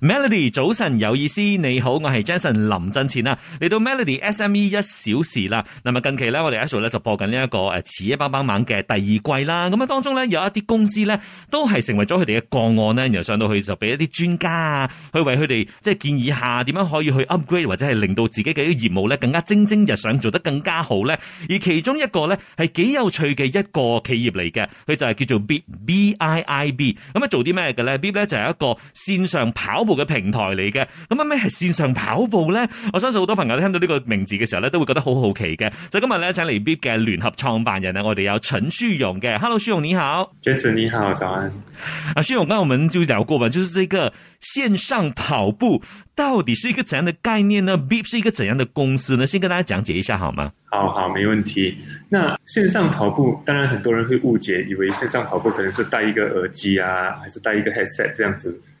Melody 早晨有意思，你好，我係 Jason 林振前啦，嚟到 Melody SME 一小時啦。咁啊，近期咧，我哋阿 Sir 咧就播緊呢、這個呃、一個誒，企業幫幫忙嘅第二季啦。咁啊，當中咧有一啲公司咧，都係成為咗佢哋嘅個案咧，然後上到去就俾一啲專家啊，去為佢哋即係建議一下點樣可以去 upgrade 或者係令到自己嘅業務咧更加蒸蒸日上，做得更加好咧。而其中一個咧係幾有趣嘅一個企業嚟嘅，佢就係叫做 B B I I B。咁、嗯、啊，做啲咩嘅咧？B 咧就係、是、一個線上跑，部嘅平台嚟嘅，咁啱咩係線上跑步咧？我相信好多朋友聽到呢個名字嘅時候咧，都會覺得好好奇嘅。所以今日咧，請嚟 Bip 嘅聯合創辦人呢，我哋有陳旭勇嘅。Hello，旭勇你好，Jason 你好，早安。啊，旭勇，剛我們就聊過嘛，就是這個線上跑步到底是一個怎樣的概念呢？Bip 是一個怎樣的公司呢？先跟大家講解一下好嗎？好好，沒問題。那線上跑步，當然很多人會誤解，以為線上跑步可能是戴一個耳機啊，還是戴一個 headset 這樣子。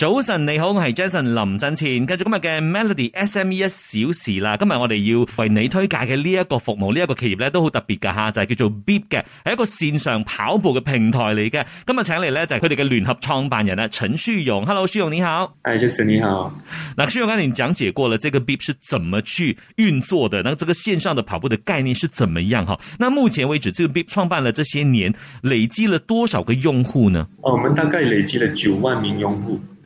早晨，你好，我係 Jason 林振前，繼續今日嘅 Melody SME 一小時啦。今日我哋要為你推介嘅呢一個服務，呢、這、一個企業咧都好特別噶吓，就係、是、叫做 Beep 嘅，係一個線上跑步嘅平台嚟嘅。今日請嚟咧就係佢哋嘅聯合創辦人啊陳舒勇。Hello，舒勇你好。Hi，Jason 你好。嗱，舒勇剛你講解過了，這個 Beep 是怎麼去運作的？那這個線上的跑步的概念是怎麼樣？哈，那目前為止，這個 Beep 創辦了這些年，累積了多少個用戶呢？哦、oh，我們大概累積了九萬名用戶。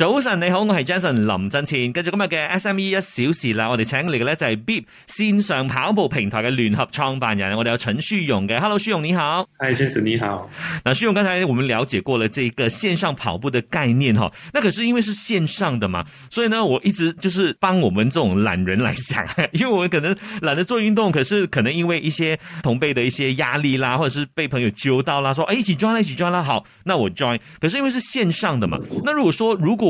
早晨你好，我係 Jason 林振前，跟住今日嘅 SME 一小時啦。我哋請嚟嘅咧就係 Bip 線上跑步平台嘅聯合創辦人，我哋有陳旭勇嘅。Hello，旭勇你好。Hi，Jason 你好。那旭勇，剛才我們了解過了，這個線上跑步的概念哈，那可是因為是線上的嘛，所以呢，我一直就是幫我們這種懶人嚟講。因為我們可能懶得做運動，可是可能因為一些同輩的一些壓力啦，或者是被朋友揪到啦，說誒、哎，一起 join，一起 join 啦，好，那我 join。可是因為是線上的嘛，那如果說如果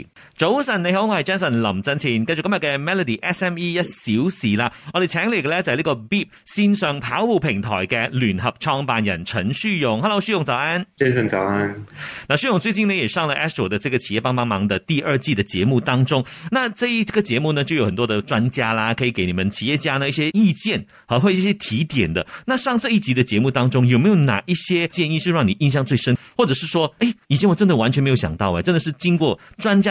早晨，你好，我係 Jason 林振前，繼續今日嘅 Melody SME 一小時啦。我哋請嚟嘅呢就係呢個 B 線上跑步平台嘅聯合創辦人陳旭勇。Hello，旭勇早安，Jason 早安。那旭勇最近呢也上了 Astro 的這個企業幫幫忙的第二季的節目當中。那這一個節目呢就有很多的專家啦，可以給你們企業家呢一些意見，和會一些提點的。那上這一集的節目當中，有沒有哪一些建議是讓你印象最深，或者是說，哎以前我真的完全沒有想到，真的是經過專家。